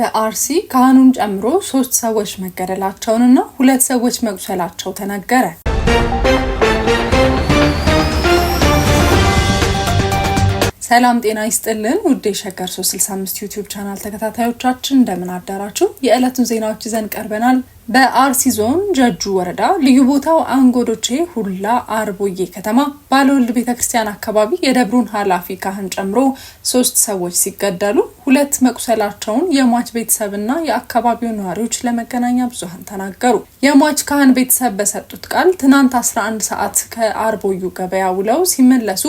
በአርሲ ካህኑን ጨምሮ ሶስት ሰዎች መገደላቸውንና ሁለት ሰዎች መቁሰላቸው ተነገረ። ሰላም ጤና ይስጥልን ውድ የሸገር 365 ዩቲዩብ ቻናል ተከታታዮቻችን እንደምን አዳራችሁ። የዕለቱን ዜናዎች ይዘን ቀርበናል። በአርሲ ዞን ጀጁ ወረዳ ልዩ ቦታው አንጎዶቼ ሁላ አርቦዬ ከተማ ባለወልድ ቤተ ክርስቲያን አካባቢ የደብሩን ኃላፊ ካህን ጨምሮ ሶስት ሰዎች ሲገደሉ ሁለት መቁሰላቸውን የሟች ቤተሰብና የአካባቢው ነዋሪዎች ለመገናኛ ብዙሃን ተናገሩ። የሟች ካህን ቤተሰብ በሰጡት ቃል ትናንት 11 ሰዓት ከአርቦዩ ገበያ ውለው ሲመለሱ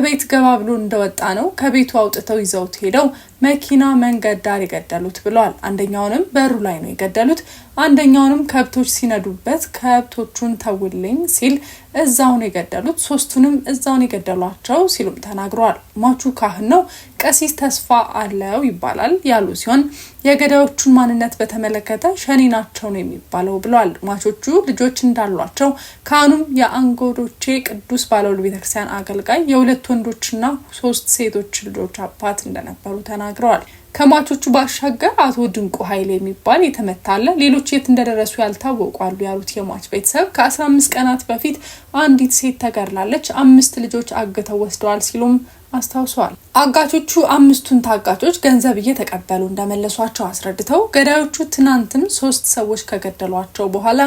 እቤት ገባ ብሎ እንደወጣ ነው ከቤቱ አውጥተው ይዘውት ሄደው መኪና መንገድ ዳር የገደሉት ብለዋል። አንደኛውንም በሩ ላይ ነው የገደሉት፣ አንደኛውንም ከብቶች ሲነዱበት ከብቶቹን ተውልኝ ሲል እዛውን የገደሉት፣ ሶስቱንም እዛውን የገደሏቸው ሲሉም ተናግረዋል። ሟቹ ካህን ነው ቀሲስ ተስፋ አለው ይባላል ያሉ ሲሆን የገዳዮቹን ማንነት በተመለከተ ሸኔ ናቸው ነው የሚባለው ብለዋል። ሟቾቹ ልጆች እንዳሏቸው ካህኑም የአንጎዶቼ ቅዱስ ባለውል ቤተክርስቲያን አገልጋይ የሁለት ወንዶችና ሶስት ሴቶች ልጆች አባት እንደነበሩ ተናግረዋል። my ከሟቾቹ ባሻገር አቶ ድንቁ ኃይል የሚባል የተመታለ ሌሎች የት እንደደረሱ ያልታወቋሉ ያሉት የሟች ቤተሰብ ከ15 ቀናት በፊት አንዲት ሴት ተገድላለች፣ አምስት ልጆች አግተው ወስደዋል ሲሉም አስታውሰዋል። አጋቾቹ አምስቱን ታጋቾች ገንዘብ እየተቀበሉ እንደመለሷቸው አስረድተው ገዳዮቹ ትናንትም ሶስት ሰዎች ከገደሏቸው በኋላ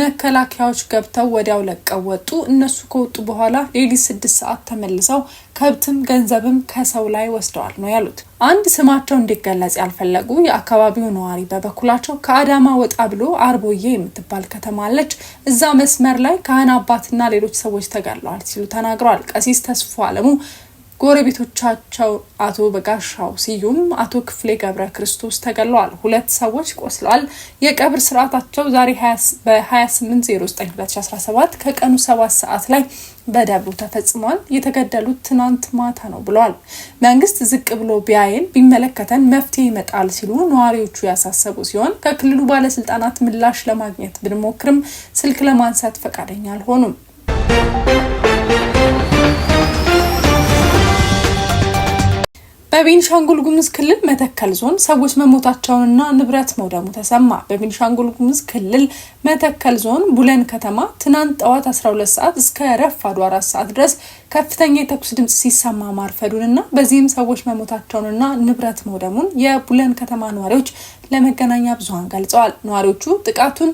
መከላከያዎች ገብተው ወዲያው ለቀው ወጡ። እነሱ ከወጡ በኋላ ሌሊት ስድስት ሰዓት ተመልሰው ከብትም ገንዘብም ከሰው ላይ ወስደዋል ነው ያሉት። አንድ ስማቸው እንዲገለጽ ያልፈለጉ የአካባቢው ነዋሪ በበኩላቸው ከአዳማ ወጣ ብሎ አርቦዬ የምትባል ከተማ አለች። እዛ መስመር ላይ ካህን አባትና ሌሎች ሰዎች ተገድለዋል ሲሉ ተናግረዋል። ቀሲስ ተስፎ አለሙ ጎረቤቶቻቸው አቶ በጋሻው ስዩም፣ አቶ ክፍሌ ገብረ ክርስቶስ ተገለዋል። ሁለት ሰዎች ቆስለዋል። የቀብር ስርዓታቸው ዛሬ በ28092017 ከቀኑ 7 ሰዓት ላይ በደብሩ ተፈጽሟል። የተገደሉት ትናንት ማታ ነው ብለዋል። መንግስት ዝቅ ብሎ ቢያይን ቢመለከተን መፍትሄ ይመጣል ሲሉ ነዋሪዎቹ ያሳሰቡ ሲሆን ከክልሉ ባለስልጣናት ምላሽ ለማግኘት ብንሞክርም ስልክ ለማንሳት ፈቃደኛ አልሆኑም። በቤኒሻንጉል ጉሙዝ ክልል መተከል ዞን ሰዎች መሞታቸውንና ንብረት መውደሙ ተሰማ። በቤኒሻንጉል ጉሙዝ ክልል መተከል ዞን ቡለን ከተማ ትናንት ጠዋት 12 ሰዓት እስከ ረፋዱ 4 ሰዓት ድረስ ከፍተኛ የተኩስ ድምፅ ሲሰማ ማርፈዱንና በዚህም ሰዎች መሞታቸውንና ንብረት መውደሙን የቡለን ከተማ ነዋሪዎች ለመገናኛ ብዙኃን ገልጸዋል። ነዋሪዎቹ ጥቃቱን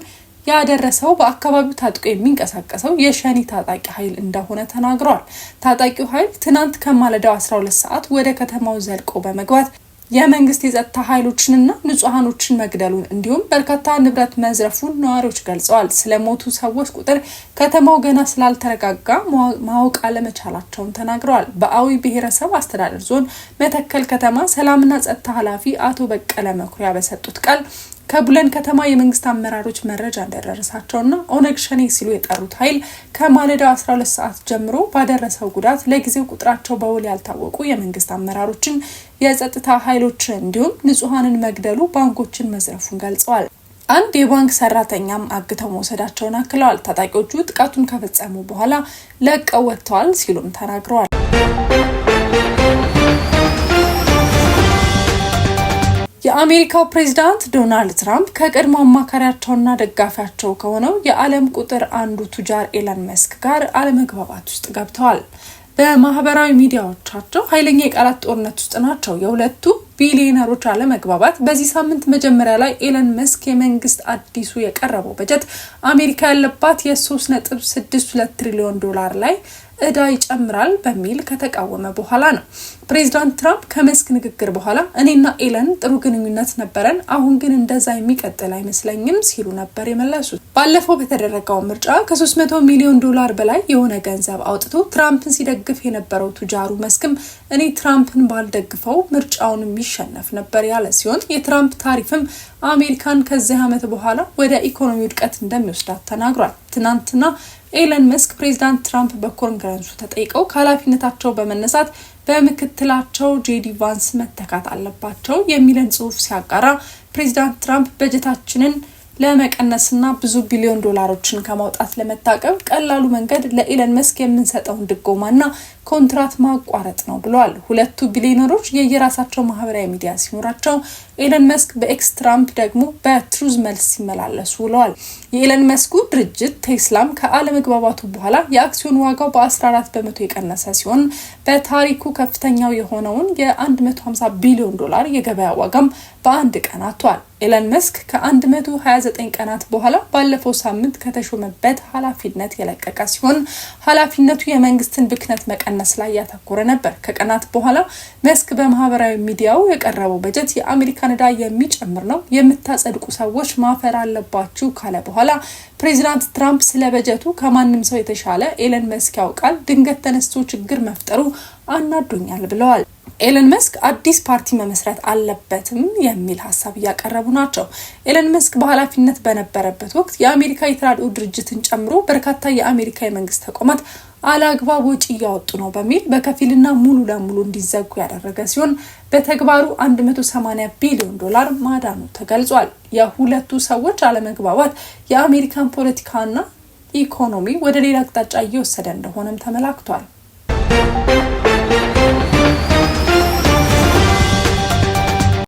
ያደረሰው በአካባቢው ታጥቆ የሚንቀሳቀሰው የሸኒ ታጣቂ ኃይል እንደሆነ ተናግሯል። ታጣቂው ኃይል ትናንት ከማለዳው 12 ሰዓት ወደ ከተማው ዘልቆ በመግባት የመንግስት የጸጥታ ኃይሎችንና ንጹሐኖችን መግደሉን እንዲሁም በርካታ ንብረት መዝረፉን ነዋሪዎች ገልጸዋል። ስለሞቱ ሰዎች ቁጥር ከተማው ገና ስላልተረጋጋ ማወቅ አለመቻላቸውን ተናግረዋል። በአዊ ብሔረሰብ አስተዳደር ዞን መተከል ከተማ ሰላምና ጸጥታ ኃላፊ አቶ በቀለ መኩሪያ በሰጡት ቃል ከቡለን ከተማ የመንግስት አመራሮች መረጃ እንደደረሳቸውና ኦነግ ሸኔ ሲሉ የጠሩት ኃይል ከማለዳው 12 ሰዓት ጀምሮ ባደረሰው ጉዳት ለጊዜው ቁጥራቸው በውል ያልታወቁ የመንግስት አመራሮችን የጸጥታ ኃይሎች እንዲሁም ንጹሐንን መግደሉ፣ ባንኮችን መዝረፉን ገልጸዋል። አንድ የባንክ ሰራተኛም አግተው መውሰዳቸውን አክለዋል። ታጣቂዎቹ ጥቃቱን ከፈጸሙ በኋላ ለቀው ወጥተዋል ሲሉም ተናግረዋል። የአሜሪካው ፕሬዚዳንት ዶናልድ ትራምፕ ከቀድሞ አማካሪያቸውና ደጋፊያቸው ከሆነው የዓለም ቁጥር አንዱ ቱጃር ኤለን መስክ ጋር አለመግባባት ውስጥ ገብተዋል። በማህበራዊ ሚዲያዎቻቸው ኃይለኛ የቃላት ጦርነት ውስጥ ናቸው። የሁለቱ ቢሊዮነሮች አለመግባባት በዚህ ሳምንት መጀመሪያ ላይ ኤለን መስክ የመንግስት አዲሱ የቀረበው በጀት አሜሪካ ያለባት የ3.62 ትሪሊዮን ዶላር ላይ እዳ ይጨምራል በሚል ከተቃወመ በኋላ ነው። ፕሬዚዳንት ትራምፕ ከመስክ ንግግር በኋላ እኔና ኤለን ጥሩ ግንኙነት ነበረን፣ አሁን ግን እንደዛ የሚቀጥል አይመስለኝም ሲሉ ነበር የመለሱት። ባለፈው በተደረገው ምርጫ ከ300 ሚሊዮን ዶላር በላይ የሆነ ገንዘብ አውጥቶ ትራምፕን ሲደግፍ የነበረው ቱጃሩ መስክም እኔ ትራምፕን ባልደግፈው ምርጫውን የሚሸነፍ ነበር ያለ ሲሆን የትራምፕ ታሪፍም አሜሪካን ከዚህ ዓመት በኋላ ወደ ኢኮኖሚ ውድቀት እንደሚወስዳት ተናግሯል። ትናንትና ኤለን መስክ ፕሬዚዳንት ትራምፕ በኮንግረሱ ተጠይቀው ከኃላፊነታቸው በመነሳት በምክትላቸው ጄዲ ቫንስ መተካት አለባቸው የሚለን ጽሁፍ ሲያጋራ ፕሬዚዳንት ትራምፕ በጀታችንን ለመቀነስና ብዙ ቢሊዮን ዶላሮችን ከማውጣት ለመታቀብ ቀላሉ መንገድ ለኢለን መስክ የምንሰጠውን ድጎማና ኮንትራት ማቋረጥ ነው ብለዋል። ሁለቱ ቢሊዮነሮች የየራሳቸው ማህበራዊ ሚዲያ ሲኖራቸው ኤለን መስክ በኤክስ ትራምፕ ደግሞ በትሩዝ መልስ ሲመላለሱ ውለዋል። የኤለን መስኩ ድርጅት ቴስላም ከአለመግባባቱ በኋላ የአክሲዮን ዋጋው በ14 በመቶ የቀነሰ ሲሆን በታሪኩ ከፍተኛው የሆነውን የ150 ቢሊዮን ዶላር የገበያ ዋጋም በአንድ ቀን አጥቷል። ኤለን መስክ ከ129 ቀናት በኋላ ባለፈው ሳምንት ከተሾመበት ኃላፊነት የለቀቀ ሲሆን ኃላፊነቱ የመንግስትን ብክነት መቀነስ ላይ ያተኮረ ነበር። ከቀናት በኋላ መስክ በማህበራዊ ሚዲያው የቀረበው በጀት የአሜሪካን ዕዳ የሚጨምር ነው፣ የምታጸድቁ ሰዎች ማፈር አለባችሁ ካለ በኋላ ፕሬዚዳንት ትራምፕ ስለ በጀቱ ከማንም ሰው የተሻለ ኤለን መስክ ያውቃል፣ ድንገት ተነስቶ ችግር መፍጠሩ አናዶኛል ብለዋል። ኤለን መስክ አዲስ ፓርቲ መመስረት አለበትም የሚል ሀሳብ እያቀረቡ ናቸው። ኤለን መስክ በኃላፊነት በነበረበት ወቅት የአሜሪካ የተራድኦ ድርጅትን ጨምሮ በርካታ የአሜሪካ የመንግስት ተቋማት አላግባብ ወጪ እያወጡ ነው በሚል በከፊልና ሙሉ ለሙሉ እንዲዘጉ ያደረገ ሲሆን በተግባሩ 180 ቢሊዮን ዶላር ማዳኑ ተገልጿል። የሁለቱ ሰዎች አለመግባባት የአሜሪካን ፖለቲካና ኢኮኖሚ ወደ ሌላ አቅጣጫ እየወሰደ እንደሆነም ተመላክቷል።